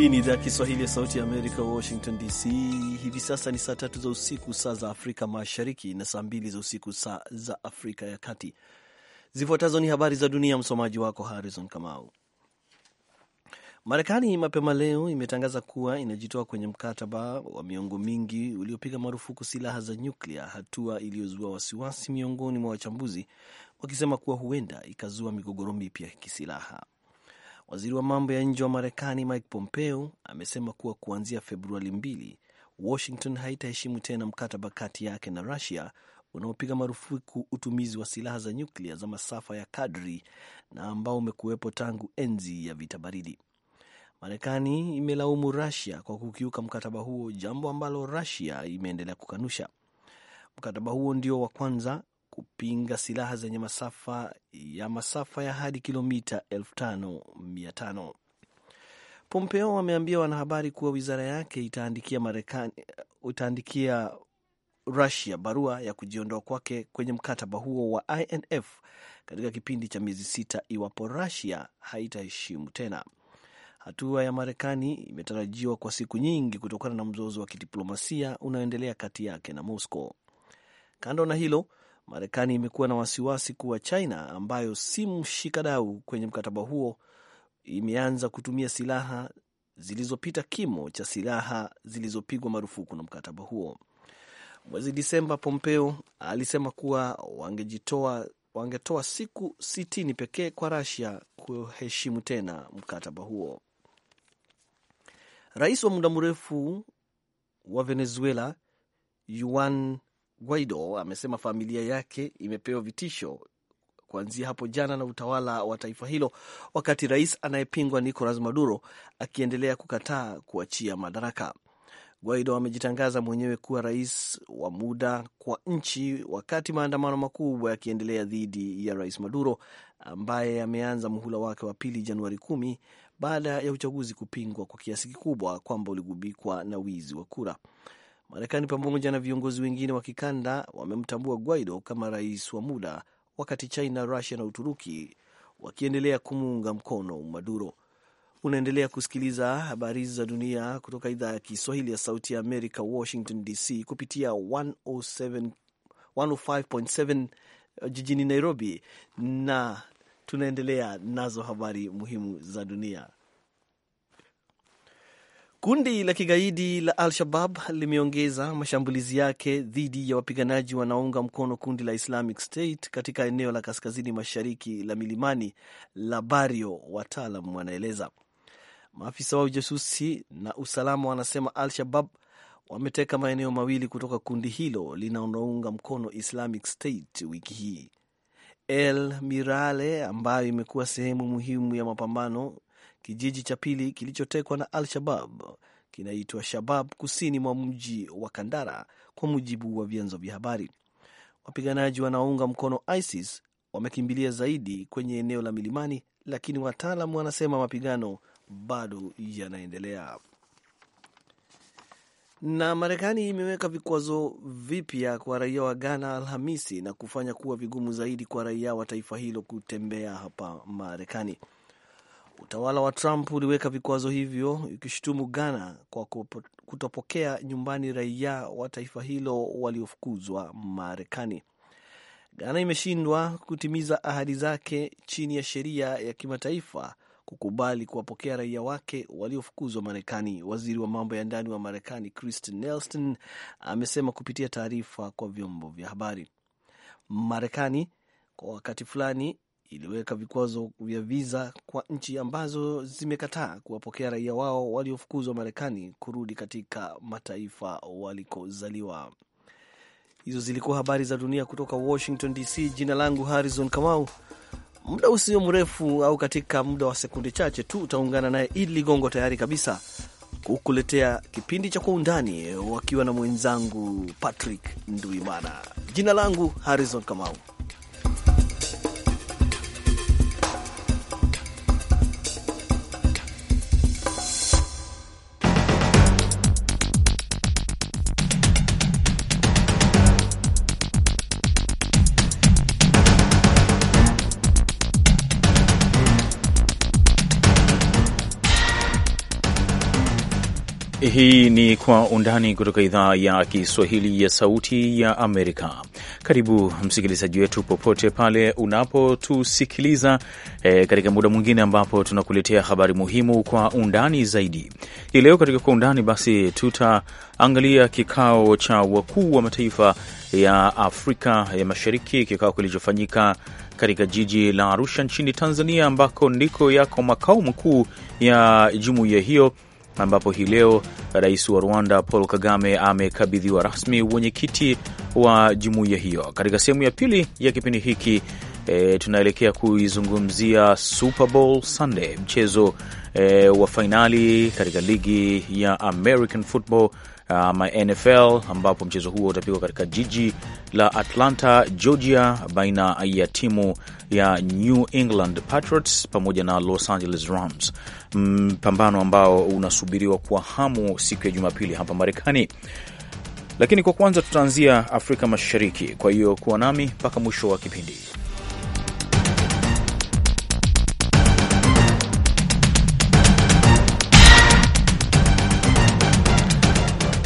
Hii ni idhaa ya Kiswahili ya Sauti ya Amerika, Washington DC. Hivi sasa ni saa tatu za usiku, saa za Afrika Mashariki, na saa mbili za usiku, saa za Afrika ya Kati. Zifuatazo ni habari za dunia, msomaji wako Harrison Kamau. Marekani mapema leo imetangaza kuwa inajitoa kwenye mkataba wa miongo mingi uliopiga marufuku silaha za nyuklia, hatua iliyozua wasiwasi miongoni mwa wachambuzi, wakisema kuwa huenda ikazua migogoro mipya kisilaha. Waziri wa mambo ya nje wa Marekani Mike Pompeo amesema kuwa kuanzia Februari mbili, Washington haitaheshimu tena mkataba kati yake na Rusia unaopiga marufuku utumizi wa silaha za nyuklia za masafa ya kadri na ambao umekuwepo tangu enzi ya vita baridi. Marekani imelaumu Rusia kwa kukiuka mkataba huo, jambo ambalo Rusia imeendelea kukanusha. Mkataba huo ndio wa kwanza kupinga silaha zenye masafa ya masafa ya hadi kilomita 5500. Pompeo ameambia wanahabari kuwa wizara yake itaandikia Marekani, itaandikia Rusia barua ya kujiondoa kwake kwenye mkataba huo wa INF katika kipindi cha miezi sita iwapo Rusia haitaheshimu tena. Hatua ya Marekani imetarajiwa kwa siku nyingi kutokana na mzozo wa kidiplomasia unaoendelea kati yake na Moscow. Kando na hilo, Marekani imekuwa na wasiwasi kuwa China ambayo si mshikadau kwenye mkataba huo imeanza kutumia silaha zilizopita kimo cha silaha zilizopigwa marufuku na mkataba huo. Mwezi Disemba, Pompeo alisema kuwa wangejitoa wangetoa siku sitini pekee kwa rasia kuheshimu tena mkataba huo. Rais wa muda mrefu wa Venezuela Juan Guaido amesema familia yake imepewa vitisho kuanzia hapo jana na utawala wa taifa hilo, wakati rais anayepingwa Nicolas Maduro akiendelea kukataa kuachia madaraka. Guaido amejitangaza mwenyewe kuwa rais wa muda kwa nchi, wakati maandamano makubwa yakiendelea dhidi ya rais Maduro ambaye ameanza muhula wake wa pili Januari kumi baada ya uchaguzi kupingwa kwa kiasi kikubwa kwamba uligubikwa na wizi wa kura. Marekani pamoja na viongozi wengine wa kikanda wamemtambua Guaido kama rais wa muda, wakati China, Rusia na Uturuki wakiendelea kumuunga mkono Maduro. Unaendelea kusikiliza habari za dunia kutoka idhaa ya Kiswahili ya Sauti ya Amerika, Washington DC, kupitia 105.7 uh, jijini Nairobi, na tunaendelea nazo habari muhimu za dunia. Kundi la kigaidi la Al-Shabab limeongeza mashambulizi yake dhidi ya wapiganaji wanaounga mkono kundi la Islamic State katika eneo la kaskazini mashariki la milimani la Bario, wataalam wanaeleza. Maafisa wa ujasusi na usalama wanasema Al-Shabab wameteka maeneo mawili kutoka kundi hilo linalounga mkono Islamic State wiki hii. El Mirale ambayo imekuwa sehemu muhimu ya mapambano Kijiji cha pili kilichotekwa na Al-Shabab kinaitwa Shabab, kusini mwa mji wa Kandara, kwa mujibu wa vyanzo vya habari. Wapiganaji wanaounga mkono ISIS wamekimbilia zaidi kwenye eneo la milimani, lakini wataalam wanasema mapigano bado yanaendelea. Na Marekani imeweka vikwazo vipya kwa raia wa Ghana Alhamisi na kufanya kuwa vigumu zaidi kwa raia wa taifa hilo kutembea hapa Marekani. Utawala wa Trump uliweka vikwazo hivyo ikishutumu Ghana kwa kutopokea nyumbani raia wa taifa hilo waliofukuzwa Marekani. Ghana imeshindwa kutimiza ahadi zake chini ya sheria ya kimataifa kukubali kuwapokea raia wake waliofukuzwa Marekani. Waziri wa mambo ya ndani wa Marekani Kristen Nelson amesema kupitia taarifa kwa vyombo vya habari, Marekani kwa wakati fulani iliweka vikwazo vya viza kwa nchi ambazo zimekataa kuwapokea raia wao waliofukuzwa Marekani kurudi katika mataifa walikozaliwa. Hizo zilikuwa habari za dunia kutoka Washington DC. Jina langu Harrison Kamau. Muda usio mrefu au katika muda wa sekunde chache tu utaungana naye Idi Ligongo, tayari kabisa kukuletea kipindi cha Kwa Undani wakiwa na mwenzangu Patrick Nduimana. Jina langu Harrison Kamau. Hii ni Kwa Undani kutoka idhaa ya Kiswahili ya Sauti ya Amerika. Karibu msikilizaji wetu popote pale unapotusikiliza e, katika muda mwingine ambapo tunakuletea habari muhimu kwa undani zaidi. Hii leo katika Kwa Undani basi tutaangalia kikao cha wakuu wa mataifa ya Afrika ya Mashariki, kikao kilichofanyika katika jiji la Arusha nchini Tanzania, ambako ndiko yako makao makuu ya jumuiya hiyo ambapo hii leo rais wa Rwanda Paul Kagame amekabidhiwa rasmi wenyekiti wa jumuiya hiyo. Katika sehemu ya pili ya kipindi hiki e, tunaelekea kuizungumzia Super Bowl Sunday, mchezo e, wa fainali katika ligi ya American Football ama NFL, ambapo mchezo huo utapigwa katika jiji la Atlanta, Georgia, baina ya timu ya New England Patriots pamoja na Los Angeles Rams mpambano mm, ambao unasubiriwa kwa hamu siku ya Jumapili hapa Marekani. Lakini kwa kwanza tutaanzia Afrika Mashariki, kwa hiyo kuwa nami mpaka mwisho wa kipindi.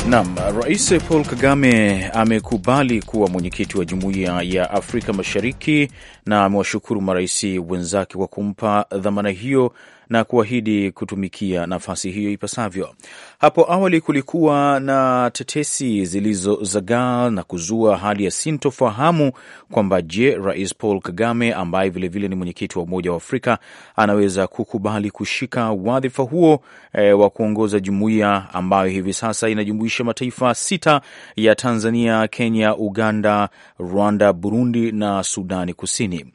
Nam, Rais Paul Kagame amekubali kuwa mwenyekiti wa Jumuiya ya Afrika Mashariki na amewashukuru marais wenzake kwa kumpa dhamana hiyo na kuahidi kutumikia nafasi hiyo ipasavyo. Hapo awali kulikuwa na tetesi zilizozagaa na kuzua hali ya sintofahamu kwamba je, Rais Paul Kagame ambaye vilevile ni mwenyekiti wa Umoja wa Afrika anaweza kukubali kushika wadhifa huo e, wa kuongoza jumuiya ambayo hivi sasa inajumuisha mataifa sita ya Tanzania, Kenya, Uganda, Rwanda, Burundi na Sudani Kusini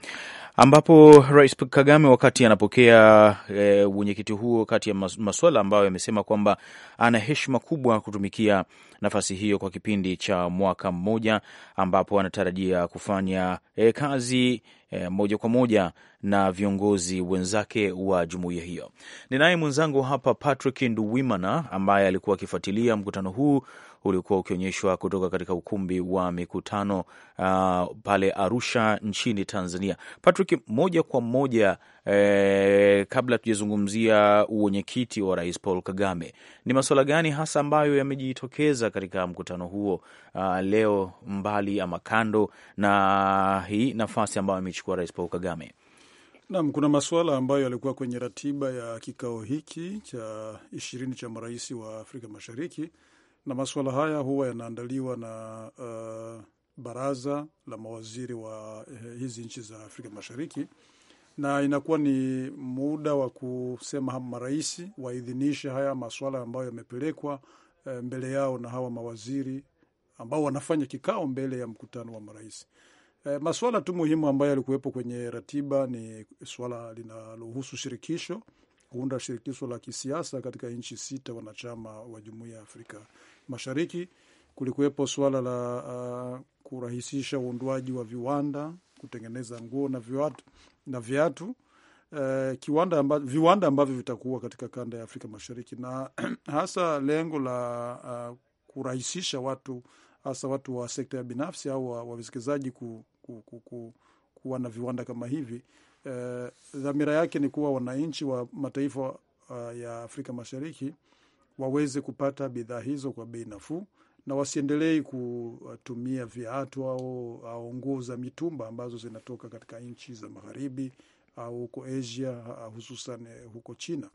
ambapo Rais Kagame wakati anapokea e, eh, wenyekiti huo, kati ya masuala ambayo amesema kwamba ana heshima kubwa kutumikia nafasi hiyo kwa kipindi cha mwaka mmoja, ambapo anatarajia kufanya e, kazi e, moja kwa moja na viongozi wenzake wa jumuiya hiyo. Ninaye mwenzangu hapa Patrick Nduwimana ambaye alikuwa akifuatilia mkutano huu uliokuwa ukionyeshwa kutoka katika ukumbi wa mikutano uh, pale Arusha nchini Tanzania. Patrick, moja kwa moja eh, kabla tujazungumzia uwenyekiti wa Rais Paul Kagame, ni masuala gani hasa ambayo yamejitokeza katika mkutano huo uh, leo, mbali ama kando na hii nafasi ambayo amechukua Rais Paul Kagame? Nam, kuna masuala ambayo yalikuwa kwenye ratiba ya kikao hiki cha ishirini cha marais wa Afrika Mashariki na masuala haya huwa yanaandaliwa na uh, baraza la mawaziri wa uh, hizi nchi za Afrika Mashariki, na inakuwa ni muda wa kusema marais waidhinishe haya masuala ambayo yamepelekwa uh, mbele yao na hawa mawaziri ambao wanafanya kikao mbele ya mkutano wa marais. E, eh, masuala tu muhimu ambayo yalikuwepo kwenye ratiba ni suala linalohusu shirikisho kuunda shirikisho la kisiasa katika nchi sita wanachama wa jumuiya ya Afrika Mashariki. Kulikuwepo suala la uh, kurahisisha uundwaji wa viwanda, kutengeneza nguo na viatu, na viatu uh, kiwanda amba, viwanda ambavyo vitakuwa katika kanda ya Afrika Mashariki na hasa lengo la uh, kurahisisha watu hasa watu wa sekta ya binafsi au wawekezaji ku, ku, ku, ku, kuwa na viwanda kama hivi Eh, dhamira yake ni kuwa wananchi wa mataifa uh, ya Afrika Mashariki waweze kupata bidhaa hizo kwa bei nafuu na wasiendelei kutumia viatu au, au nguo za mitumba ambazo zinatoka katika nchi za magharibi au huko Asia eh, hususan huko China.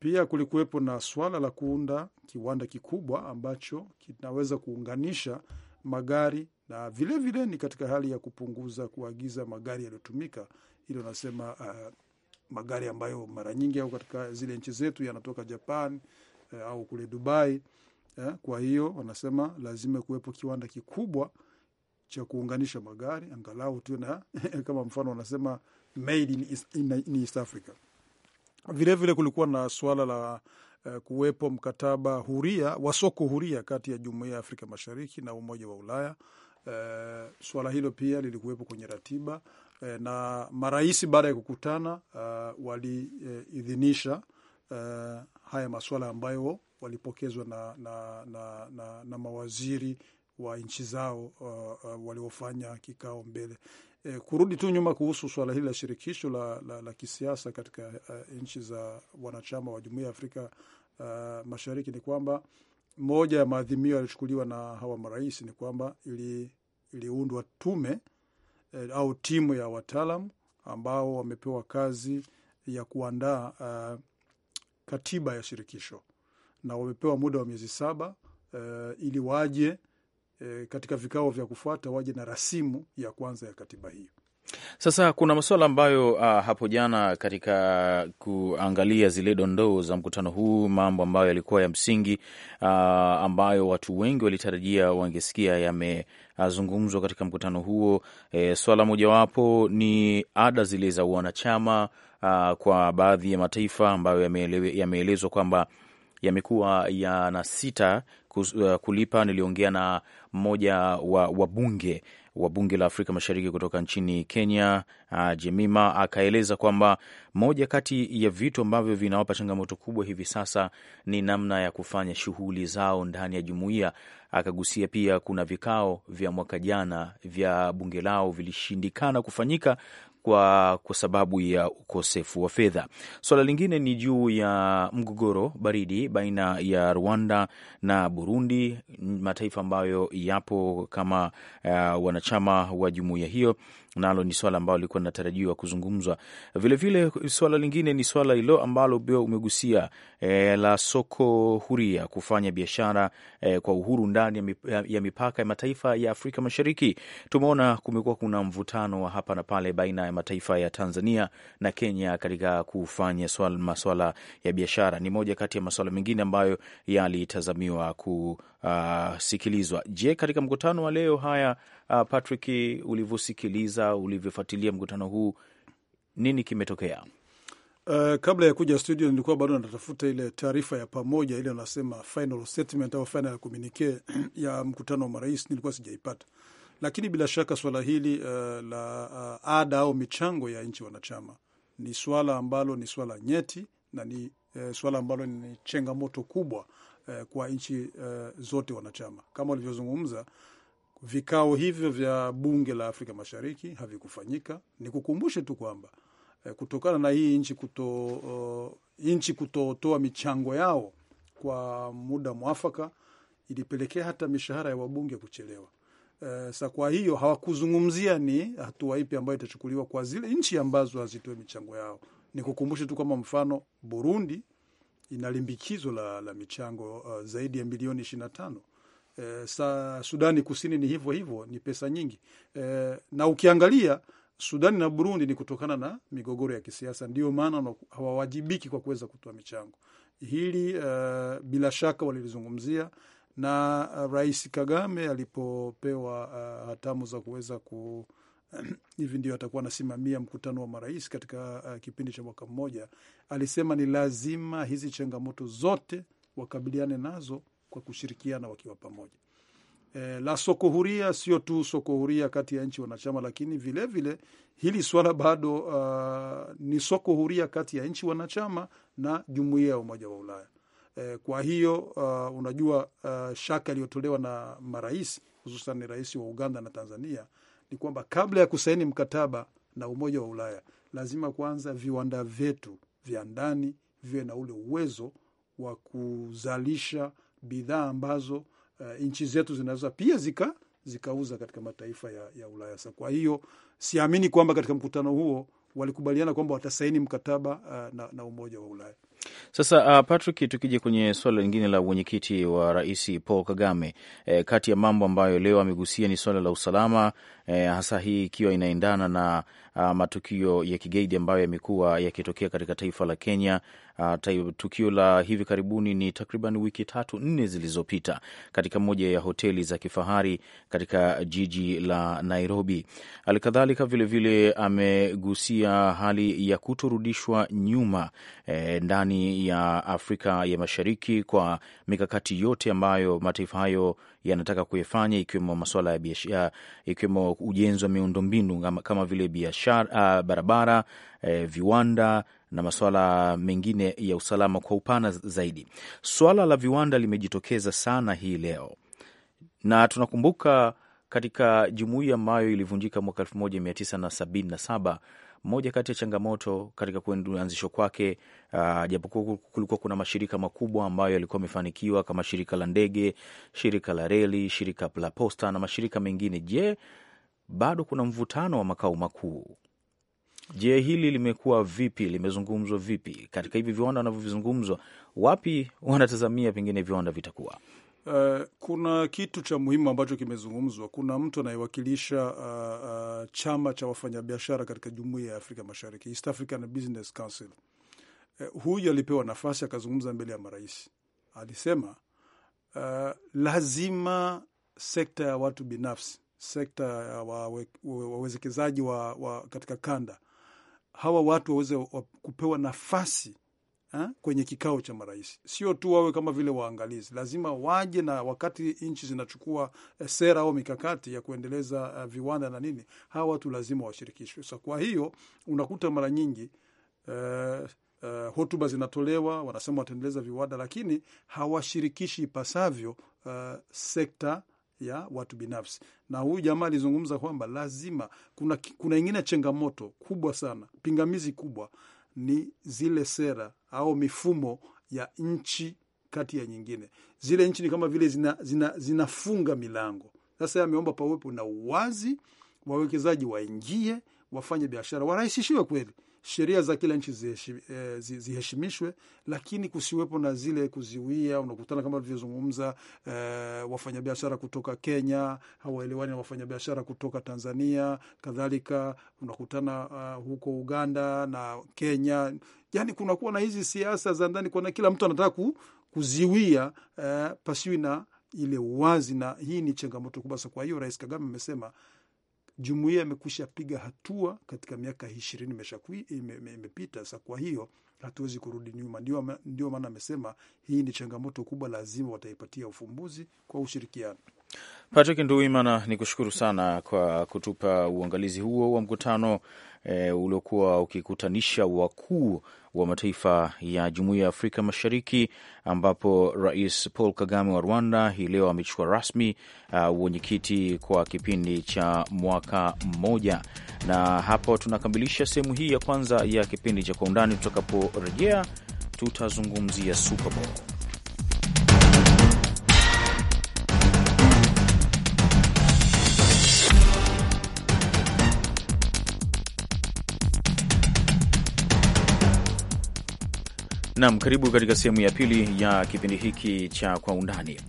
Pia kulikuwepo na swala la kuunda kiwanda kikubwa ambacho kinaweza kuunganisha magari na vilevile vile ni katika hali ya kupunguza kuagiza magari yaliyotumika ile unasema uh, magari ambayo mara nyingi au katika zile nchi zetu yanatoka Japan uh, au kule Dubai uh, kwa hiyo wanasema lazima kuwepo kiwanda kikubwa cha kuunganisha magari angalau tu na kama mfano wanasema made in East, in East Africa. Vilevile vile kulikuwa na swala la uh, kuwepo mkataba huria wa soko huria kati ya Jumuiya ya Afrika Mashariki na Umoja wa Ulaya. Uh, swala hilo pia lilikuwepo kwenye ratiba e, na marais baada ya kukutana uh, eh, waliidhinisha eh, e, uh, haya masuala ambayo walipokezwa na, na, na, na, na mawaziri wa nchi zao uh, uh, waliofanya kikao mbele e, kurudi tu nyuma kuhusu suala hili la shirikisho la, la, la kisiasa katika uh, nchi za wanachama wa Jumuiya ya Afrika uh, Mashariki ni kwamba moja ya maadhimio yaliyochukuliwa na hawa marais ni kwamba iliundwa ili tume eh, au timu ya wataalam ambao wamepewa kazi ya kuandaa uh, katiba ya shirikisho na wamepewa muda wa miezi saba uh, ili waje uh, katika vikao vya kufuata waje na rasimu ya kwanza ya katiba hiyo. Sasa kuna masuala ambayo uh, hapo jana katika kuangalia zile dondoo za mkutano huu, mambo ambayo yalikuwa ya msingi uh, ambayo watu wengi walitarajia wangesikia yamezungumzwa katika mkutano huo. E, swala mojawapo ni ada zile za wanachama uh, kwa baadhi ya mataifa ambayo yameelezwa kwamba yamekuwa yana sita uh, kulipa. Niliongea na mmoja wa wabunge wa bunge la Afrika Mashariki kutoka nchini Kenya, uh, Jemima akaeleza kwamba moja kati ya vitu ambavyo vinawapa changamoto kubwa hivi sasa ni namna ya kufanya shughuli zao ndani ya jumuiya. Akagusia pia kuna vikao vya mwaka jana vya bunge lao vilishindikana kufanyika kwa, kwa sababu ya ukosefu wa fedha. Swala lingine ni juu ya mgogoro baridi baina ya Rwanda na Burundi, mataifa ambayo yapo kama uh, wanachama wa jumuiya hiyo nalo ni swala ambalo lilikuwa linatarajiwa kuzungumzwa vilevile. Swala lingine ni swala hilo ambalo pia umegusia e, la soko huria kufanya biashara e, kwa uhuru ndani ya mipaka ya mataifa ya Afrika Mashariki. Tumeona kumekuwa kuna mvutano wa hapa na pale baina ya mataifa ya Tanzania na Kenya katika kufanya maswala ya biashara. Ni moja kati ya maswala mengine ambayo yalitazamiwa kusikilizwa. Ah, Je, katika mkutano wa leo haya Uh, Patrick, ulivyosikiliza, ulivyofuatilia mkutano huu, nini kimetokea? Uh, kabla ya kuja studio nilikuwa bado natafuta ile taarifa ya pamoja ile anasema final statement au final communique ya mkutano wa marais, nilikuwa sijaipata, lakini bila shaka swala hili uh, la uh, ada au michango ya nchi wanachama ni swala ambalo ni swala nyeti na ni uh, swala ambalo ni changamoto kubwa uh, kwa nchi uh, zote wanachama kama ulivyozungumza Vikao hivyo vya bunge la Afrika Mashariki havikufanyika. Nikukumbushe tu kwamba eh, kutokana na hii nchi kuto eh, nchi kutotoa michango yao kwa muda mwafaka ilipelekea hata mishahara ya wabunge kuchelewa. Uh, sa kwa hiyo hawakuzungumzia ni hatua ipi ambayo itachukuliwa kwa zile nchi ambazo hazitoe michango yao. Nikukumbushe tu kama mfano Burundi ina limbikizo la, la michango uh, zaidi ya milioni ishirini na tano. Eh, sa Sudani Kusini ni hivyo hivyo, ni pesa nyingi e, na ukiangalia Sudani na Burundi ni kutokana na migogoro ya kisiasa, ndio maana hawawajibiki kwa kuweza kutoa michango hili. Uh, bila shaka walilizungumzia na Rais Kagame alipopewa uh, hatamu za kuweza ku hivi ndio atakuwa anasimamia mkutano wa marais katika uh, kipindi cha mwaka mmoja, alisema ni lazima hizi changamoto zote wakabiliane nazo kwa kushirikiana wakiwa pamoja. E, la soko huria sio tu soko huria kati ya nchi wanachama, lakini vilevile vile, hili swala bado uh, ni soko huria kati ya nchi wanachama na jumuiya ya Umoja wa Ulaya. E, kwa hiyo uh, unajua uh, shaka iliyotolewa na marais hususan rais wa Uganda na Tanzania ni kwamba kabla ya kusaini mkataba na Umoja wa Ulaya lazima kwanza viwanda vyetu vya ndani viwe na ule uwezo wa kuzalisha bidhaa ambazo uh, nchi zetu zinaweza pia zika zikauza katika mataifa ya, ya Ulaya. Sa kwa hiyo siamini kwamba katika mkutano huo walikubaliana kwamba watasaini mkataba uh, na, na Umoja wa Ulaya. Sasa uh, Patrick, tukija kwenye suala lingine la mwenyekiti wa rais Paul Kagame, eh, kati ya mambo ambayo leo amegusia ni suala la usalama E, hasa hii ikiwa inaendana na uh, matukio ya kigaidi ambayo yamekuwa yakitokea katika taifa la Kenya. Uh, tukio la hivi karibuni ni takriban wiki tatu nne zilizopita katika moja ya hoteli za kifahari katika jiji la Nairobi. Halikadhalika vilevile amegusia hali ya kutorudishwa nyuma eh, ndani ya Afrika ya Mashariki kwa mikakati yote ambayo mataifa hayo yanataka kuyafanya ikiwemo masuala ya biashara, ikiwemo ujenzi wa miundombinu kama vile biashara, uh, barabara, eh, viwanda na masuala mengine ya usalama kwa upana zaidi. Swala la viwanda limejitokeza sana hii leo, na tunakumbuka katika jumuiya ambayo ilivunjika mwaka elfu moja mia tisa na na sabini saba moja kati ya changamoto katika kuanzishwa kwake, uh, japokuwa kulikuwa kuna mashirika makubwa ambayo yalikuwa amefanikiwa kama shirika la ndege, shirika la reli, shirika la posta na mashirika mengine. Je, bado kuna mvutano wa makao makuu. Je, hili limekuwa vipi? Limezungumzwa vipi katika hivi viwanda wanavyovizungumzwa? Wapi wanatazamia pengine viwanda vitakuwa? Uh, kuna kitu cha muhimu ambacho kimezungumzwa. Kuna mtu anayewakilisha uh, uh, chama cha wafanyabiashara katika jumuiya ya Afrika Mashariki, East African Business Council. Uh, huyu alipewa nafasi akazungumza mbele ya marais, alisema uh, lazima sekta ya watu binafsi sekta ya wawezekezaji wa, wa, katika kanda hawa watu waweze kupewa nafasi ha, eh, kwenye kikao cha marais, sio tu wawe kama vile waangalizi. Lazima waje na wakati nchi zinachukua eh, sera au mikakati ya kuendeleza eh, viwanda na nini, hawa watu lazima washirikishwe. So kwa hiyo unakuta mara nyingi uh, Uh, hotuba zinatolewa, wanasema wataendeleza viwanda, lakini hawashirikishi ipasavyo uh, sekta ya watu binafsi. Na huyu jamaa alizungumza kwamba lazima kuna, kuna ingine changamoto kubwa sana, pingamizi kubwa ni zile sera au mifumo ya nchi kati ya nyingine. Zile nchi ni kama vile zina, zina, zinafunga milango. Sasa ameomba pawepo na uwazi, wawekezaji waingie, wafanye biashara, warahisishiwe kweli sheria za kila nchi eh, ziheshimishwe, lakini kusiwepo na zile kuziwia. Unakutana kama tulivyozungumza, eh, wafanyabiashara kutoka Kenya hawaelewani na wafanyabiashara kutoka Tanzania, kadhalika unakutana uh, huko Uganda na Kenya, yani kunakuwa na hizi siasa za ndani, kuna kila mtu anataka ku, kuziwia eh, pasiwi na ile uwazi, na hii ni changamoto kubwa. Kwa hiyo Rais Kagame amesema jumuiya imekwisha piga hatua katika miaka ishirini imepita. Sa kwa hiyo hatuwezi kurudi nyuma, ndio maana amesema hii ni changamoto kubwa, lazima wataipatia ufumbuzi kwa ushirikiano. Patrick nduimana ni kushukuru sana kwa kutupa uangalizi huo wa mkutano e, uliokuwa ukikutanisha wakuu wa mataifa ya Jumuiya ya Afrika Mashariki, ambapo Rais Paul Kagame wa Rwanda hii leo amechukua rasmi uwenyekiti uh, kwa kipindi cha mwaka mmoja. Na hapo tunakamilisha sehemu hii ya kwanza ya kipindi cha Kwa Undani. Tutakaporejea tutazungumzia Super Bowl. Naam, karibu katika sehemu ya pili ya kipindi hiki cha Kwa Undani.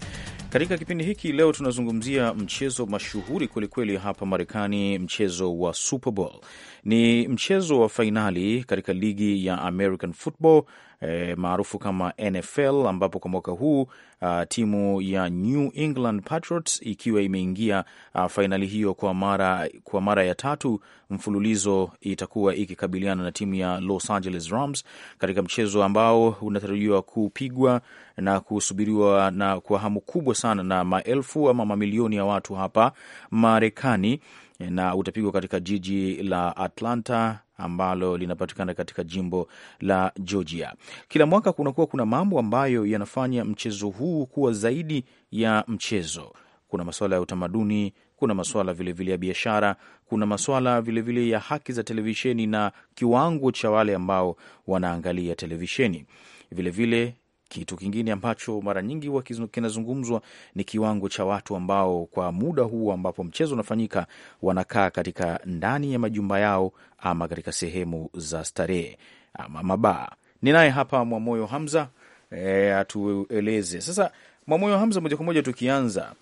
Katika kipindi hiki leo tunazungumzia mchezo mashuhuri kwelikweli hapa Marekani, mchezo wa Super Bowl. Ni mchezo wa fainali katika ligi ya American Football e, maarufu kama NFL, ambapo kwa mwaka huu a, ah, timu ya New England Patriots ikiwa imeingia ah, fainali hiyo kwa mara, kwa mara ya tatu mfululizo itakuwa ikikabiliana na timu ya Los Angeles Rams katika mchezo ambao unatarajiwa kupigwa na kusubiriwa na kwa hamu kubwa sana na maelfu ama mamilioni ya watu hapa Marekani na utapigwa katika jiji la Atlanta ambalo linapatikana katika jimbo la Georgia. Kila mwaka kunakuwa kuna mambo ambayo yanafanya mchezo huu kuwa zaidi ya mchezo. Kuna masuala ya utamaduni, kuna masuala vilevile ya biashara, kuna masuala vilevile ya haki za televisheni na kiwango cha wale ambao wanaangalia televisheni vilevile kitu kingine ambacho mara nyingi huwa kinazungumzwa ni kiwango cha watu ambao kwa muda huu ambapo mchezo unafanyika wanakaa katika ndani ya majumba yao ama katika sehemu za starehe ama mabaa. Ninaye hapa Mwamoyo Hamza e, atueleze sasa. Mwamoyo Hamza, moja kwa moja tukianza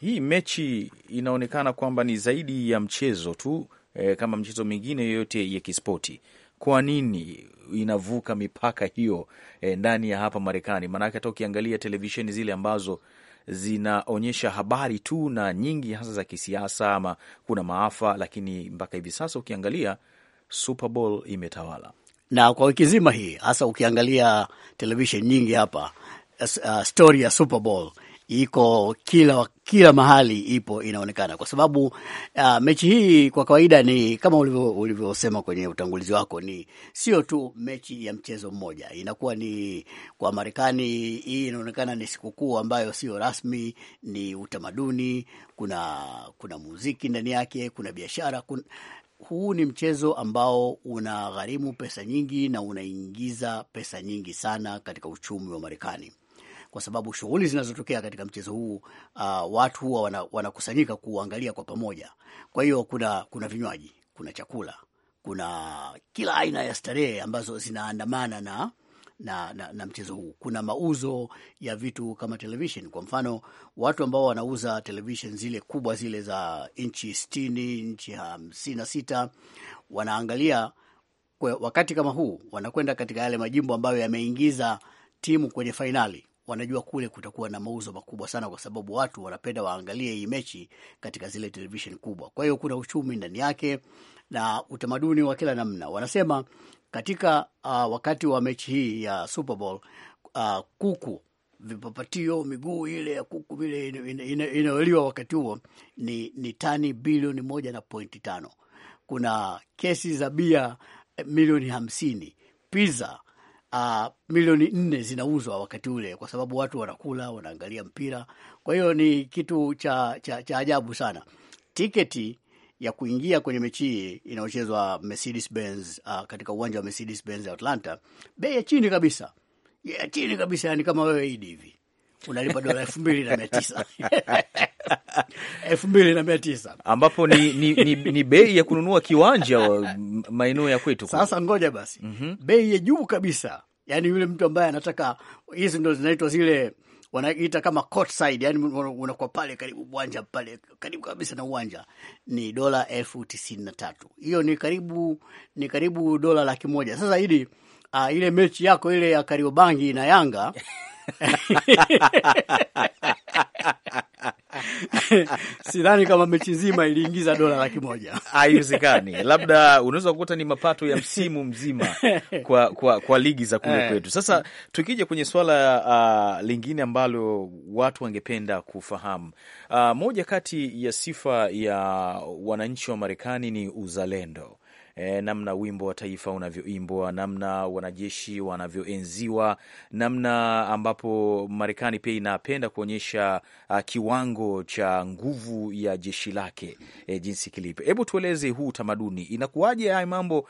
hii mechi inaonekana kwamba ni zaidi ya mchezo tu e, kama mchezo mingine yoyote ya kispoti kwa nini inavuka mipaka hiyo e, ndani ya hapa Marekani? Maanake hata ukiangalia televisheni zile ambazo zinaonyesha habari tu na nyingi hasa za kisiasa ama kuna maafa, lakini mpaka hivi sasa ukiangalia Super Bowl imetawala na kwa wiki nzima hii, hasa ukiangalia televisheni nyingi hapa, uh, stori ya Super Bowl iko kila kila mahali ipo inaonekana, kwa sababu uh, mechi hii kwa kawaida ni kama ulivyosema kwenye utangulizi wako, ni sio tu mechi ya mchezo mmoja, inakuwa ni kwa Marekani hii inaonekana ni sikukuu ambayo sio rasmi, ni utamaduni, kuna kuna muziki ndani yake, kuna biashara kun... huu ni mchezo ambao unagharimu pesa nyingi na unaingiza pesa nyingi sana katika uchumi wa Marekani kwa sababu shughuli zinazotokea katika mchezo huu uh, watu huwa wanakusanyika wana kuangalia kwa pamoja. Kwa hiyo kuna, kuna vinywaji, kuna chakula, kuna kila aina ya starehe ambazo zinaandamana na na, na, na mchezo huu. Kuna mauzo ya vitu kama television, kwa mfano watu ambao wanauza television zile kubwa zile za inchi sitini, inchi hamsini na sita wanaangalia kwa wakati kama huu, wanakwenda katika yale majimbo ambayo yameingiza timu kwenye fainali wanajua kule kutakuwa na mauzo makubwa sana, kwa sababu watu wanapenda waangalie hii mechi katika zile televishen kubwa. Kwa hiyo kuna uchumi ndani yake na utamaduni wa kila namna. Wanasema katika uh, wakati wa mechi hii ya Super Bowl uh, kuku vipapatio miguu ile ya kuku vile inayoliwa wakati huo ni, ni tani bilioni moja na pointi tano. Kuna kesi za bia eh, milioni hamsini, pizza uh, milioni nne zinauzwa wakati ule, kwa sababu watu wanakula, wanaangalia mpira. Kwa hiyo ni kitu cha, cha, cha ajabu sana. Tiketi ya kuingia kwenye mechi hii inayochezwa Mercedes Benz uh, ah, katika uwanja wa Mercedes Benz Atlanta, bei ya chini kabisa, ya chini kabisa, yani kama wewe idi hivi unalipa dola elfu mbili na mia tisa elfu mbili na mia tisa ambapo ni, ni, ni, ni bei ya kununua kiwanja maeneo ya kwetu. Sasa ngoja basi mm -hmm. bei ya juu kabisa, yani yule mtu ambaye anataka hizi, ndo zinaitwa zile wanaita kama courtside, yani unakuwa pale karibu uwanja pale karibu kabisa na uwanja, ni dola elfu tisini na tatu. Hiyo ni karibu ni karibu dola laki moja. Sasa hili uh, ile mechi yako ile ya Kariobangi na Yanga sidhani kama mechi nzima iliingiza dola laki moja haiwezekani. Labda unaweza kukuta ni mapato ya msimu mzima kwa, kwa, kwa ligi za kule eh. kwetu. Sasa tukija kwenye swala uh, lingine ambalo watu wangependa kufahamu uh, moja kati ya sifa ya wananchi wa Marekani ni uzalendo eh, namna wimbo wa taifa unavyoimbwa, namna wanajeshi wanavyoenziwa, namna ambapo Marekani pia inapenda kuonyesha uh, kiwango cha nguvu ya jeshi lake eh, jinsi kilipo. Hebu tueleze huu utamaduni, inakuwaje haya mambo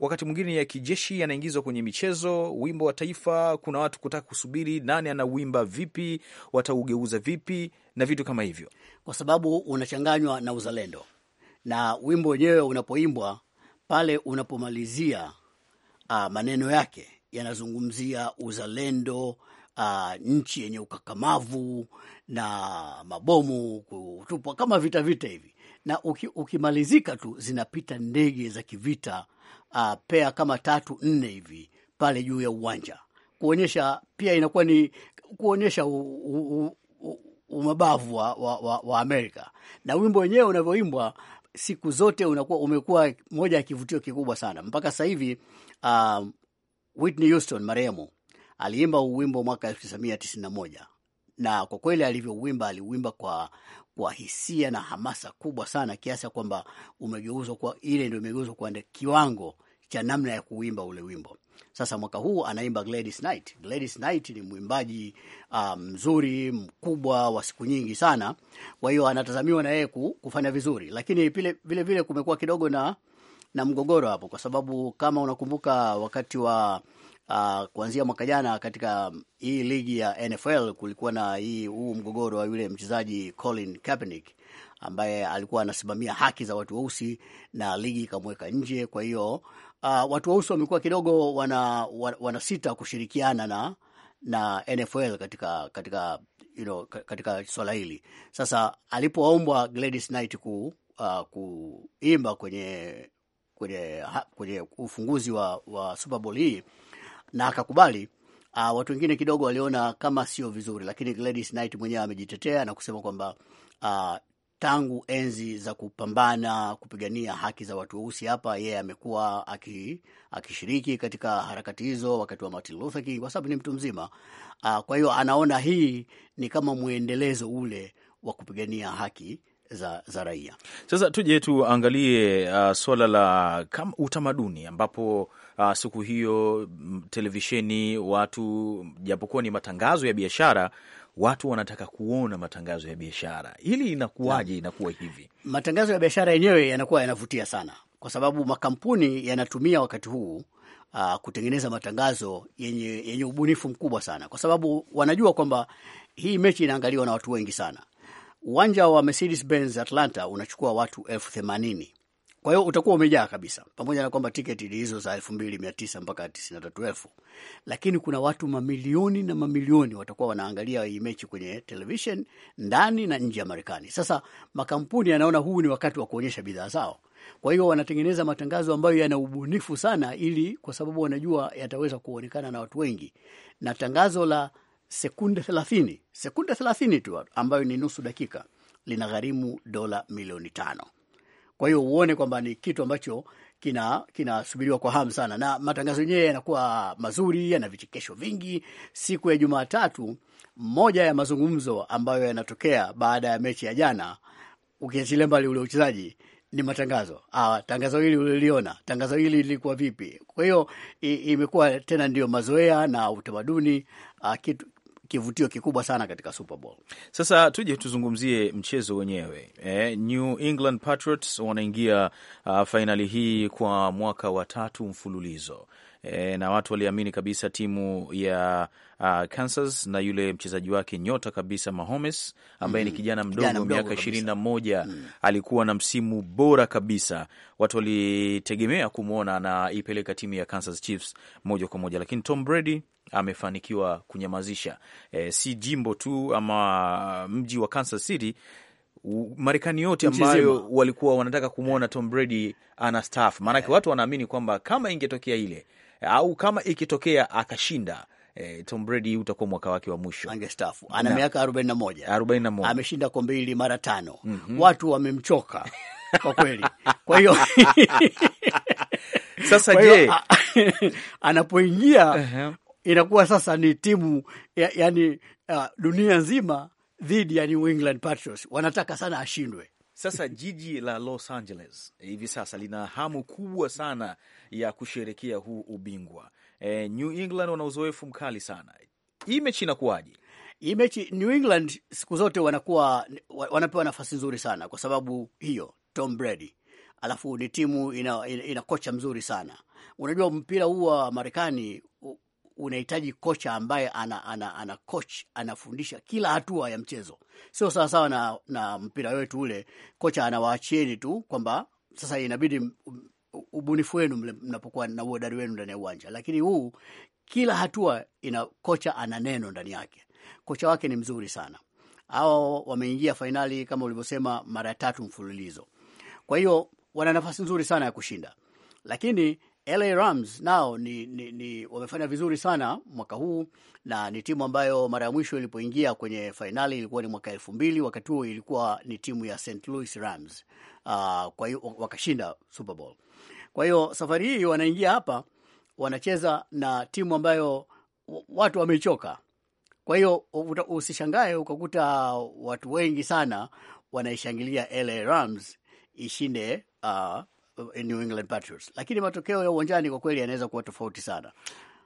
wakati mwingine ya kijeshi yanaingizwa kwenye michezo. Wimbo wa taifa, kuna watu kutaka kusubiri nani anauimba vipi, wataugeuza vipi na vitu kama hivyo, kwa sababu unachanganywa na uzalendo. Na wimbo wenyewe unapoimbwa pale unapomalizia uh, maneno yake yanazungumzia uzalendo, uh, nchi yenye ukakamavu na mabomu kutupwa kama vita vita hivi, na uki, ukimalizika tu zinapita ndege za kivita uh, ah, pea kama tatu nne hivi pale juu ya uwanja kuonyesha, pia inakuwa ni kuonyesha u, u, u, umabavu wa, wa, wa Amerika na wimbo wenyewe unavyoimbwa siku zote unakuwa umekuwa moja ya kivutio kikubwa sana mpaka sasa hivi. Uh, Whitney Houston marehemu aliimba uwimbo mwaka 1991 na kwa kweli alivyouimba aliuimba kwa, kwa hisia na hamasa kubwa sana kiasi ya kwamba umegeuzwa kwa ile ndio imegeuzwa kwa kiwango cha namna ya kuimba ule wimbo. Sasa mwaka huu anaimba Gladys Knight. Gladys Knight ni mwimbaji ah, mzuri um, mkubwa wa siku nyingi sana, kwa hiyo anatazamiwa na yeye kufanya vizuri, lakini pile, vile vile kumekuwa kidogo na, na mgogoro hapo, kwa sababu kama unakumbuka wakati wa Uh, kuanzia mwaka jana katika hii ligi ya NFL kulikuwa na hii huu mgogoro wa yule mchezaji Colin Kaepernick ambaye alikuwa anasimamia haki za watu weusi na ligi ikamweka nje. Kwa hiyo uh, watu weusi wamekuwa kidogo wana, wana, wana sita kushirikiana na, na NFL katika, katika, you know, katika swala hili. Sasa alipoombwa Gladys Knight ku, uh, kuimba kwenye, kwenye, kwenye ufunguzi wa, wa Super Bowl hii na akakubali Uh, watu wengine kidogo waliona kama sio vizuri, lakini Gladys Knight mwenyewe amejitetea na kusema kwamba uh, tangu enzi za kupambana kupigania haki za watu weusi hapa, yeye yeah, amekuwa akishiriki aki katika harakati hizo wakati wa Martin Luther King, kwa sababu ni mtu mzima. Ah, kwa hiyo anaona hii ni kama mwendelezo ule wa kupigania haki za, za raia. Sasa tuje tuangalie uh, ah, suala la kama utamaduni ambapo uh, siku hiyo televisheni watu japokuwa ni matangazo ya biashara watu wanataka kuona matangazo ya biashara. Hili inakuwaje? Inakuwa hivi, matangazo ya biashara yenyewe yanakuwa yanavutia sana, kwa sababu makampuni yanatumia wakati huu uh, kutengeneza matangazo yenye, yenye ubunifu mkubwa sana, kwa sababu wanajua kwamba hii mechi inaangaliwa na watu wengi sana. Uwanja wa Mercedes Benz Atlanta unachukua watu elfu themanini kwa hiyo utakuwa umejaa kabisa, pamoja na kwamba tiketi hizo za elfu mbili mia tisa mpaka tisini na tatu elfu lakini kuna watu mamilioni na mamilioni watakuwa wanaangalia hii mechi kwenye televishen ndani na nje ya Marekani. Sasa makampuni yanaona huu ni wakati wa kuonyesha bidhaa zao, kwa hiyo wanatengeneza matangazo ambayo yana ubunifu sana, ili kwa sababu wanajua yataweza kuonekana na watu wengi, na tangazo la sekunde thelathini sekunde thelathini tu ambayo ni nusu dakika linagharimu dola milioni tano. Kwa hiyo uone kwamba ni kitu ambacho kinasubiriwa kina kwa hamu sana, na matangazo yenyewe yanakuwa mazuri, yana vichekesho vingi. Siku ya Jumatatu, moja ya mazungumzo ambayo yanatokea baada ya mechi ya jana, ukiachilia mbali ule uchezaji ni matangazo. Ah, tangazo hili uliliona, tangazo hili lilikuwa vipi? Kwa hiyo imekuwa tena ndio mazoea na utamaduni, ah, kitu kivutio kikubwa sana katika Super Bowl. Sasa tuje tuzungumzie mchezo wenyewe. Eh, New England Patriots wanaingia uh, ah, fainali hii kwa mwaka wa tatu mfululizo e, na watu waliamini kabisa timu ya uh, Kansas na yule mchezaji wake nyota kabisa Mahomes ambaye mm ni kijana mdogo kijana miaka ishirini na moja mm alikuwa na msimu bora kabisa, watu walitegemea kumwona na ipeleka timu ya Kansas Chiefs moja kwa moja, lakini Tom Brady amefanikiwa kunyamazisha e, si jimbo tu ama mji wa Kansas City Marekani yote ambayo walikuwa wanataka kumwona Tom Brady ana staff, maanake yeah. watu wanaamini kwamba kama ingetokea ile au kama ikitokea akashinda e, Tom Brady utakuwa mwaka wake wa mwisho, angestafu. Ana miaka 41, 41, ameshinda kombe hili mara tano. mm -hmm. Watu wamemchoka kwa kweli, kwa hiyo sasa je, anapoingia uh -huh. inakuwa sasa ni timu ya, yani uh, dunia nzima dhidi ya New England Patriots wanataka sana ashindwe sasa jiji la Los Angeles hivi sasa lina hamu kubwa sana ya kusherekea huu ubingwa. E, New England wana uzoefu mkali sana. Hii mechi inakuwaje? Hii mechi New England siku zote wanakuwa wanapewa nafasi nzuri sana kwa sababu hiyo Tom Brady, alafu ni timu ina, ina, ina kocha mzuri sana. Unajua mpira huu wa Marekani unahitaji kocha ambaye ana, ana, ana coach anafundisha kila hatua ya mchezo, sio sawasawa na, na mpira wetu ule kocha anawaachieni tu kwamba sasa inabidi ubunifu wenu mnapokuwa na uodari wenu ndani ya uwanja, lakini huu kila hatua ina kocha ana neno ndani yake. Kocha wake ni mzuri sana. Hao wameingia fainali kama ulivyosema mara tatu mfululizo, kwa hiyo wana nafasi nzuri sana ya kushinda, lakini LA Rams nao ni, ni, ni wamefanya vizuri sana mwaka huu na ni timu ambayo mara ya mwisho ilipoingia kwenye fainali ilikuwa ni mwaka elfu mbili. Wakati huo ilikuwa ni timu ya St Louis Rams. Uh, kwa hiyo wakashinda Super Bowl. Kwa hiyo safari hii wanaingia hapa wanacheza na timu ambayo watu wamechoka. Kwa hiyo usishangae ukakuta watu wengi sana wanaishangilia LA Rams ishinde uh, Eh, New England Patriots, lakini matokeo ya uwanjani kwa kweli yanaweza kuwa tofauti sana.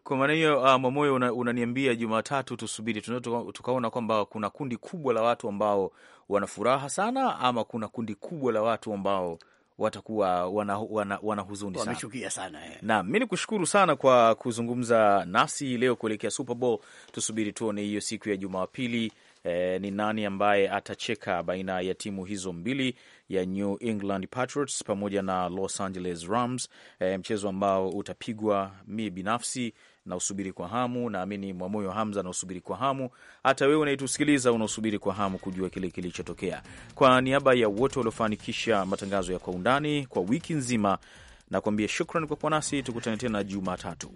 Kwa maana hiyo uh, Mwamoyo unaniambia una Jumatatu tusubiri tunaona tukaona kwamba kuna kundi kubwa la watu ambao wana furaha sana, ama kuna kundi kubwa la watu ambao watakuwa wana, wana, wana huzuni sana, wamechukia sana eh. Naam, mi nikushukuru sana kwa kuzungumza nasi leo kuelekea Super Bowl. Tusubiri tuone hiyo siku ya Jumapili Eh, ni nani ambaye atacheka baina ya timu hizo mbili ya New England Patriots pamoja na Los Angeles Rams, eh, mchezo ambao utapigwa. Mi binafsi nausubiri kwa hamu, naamini Mwamoyo Hamza nausubiri kwa hamu, hata wewe unaitusikiliza unausubiri kwa hamu kujua kile kilichotokea. Kwa niaba ya wote waliofanikisha matangazo ya Kwa Undani kwa wiki nzima, nakuambia shukran kwa kuwa nasi, tukutane tena Jumatatu.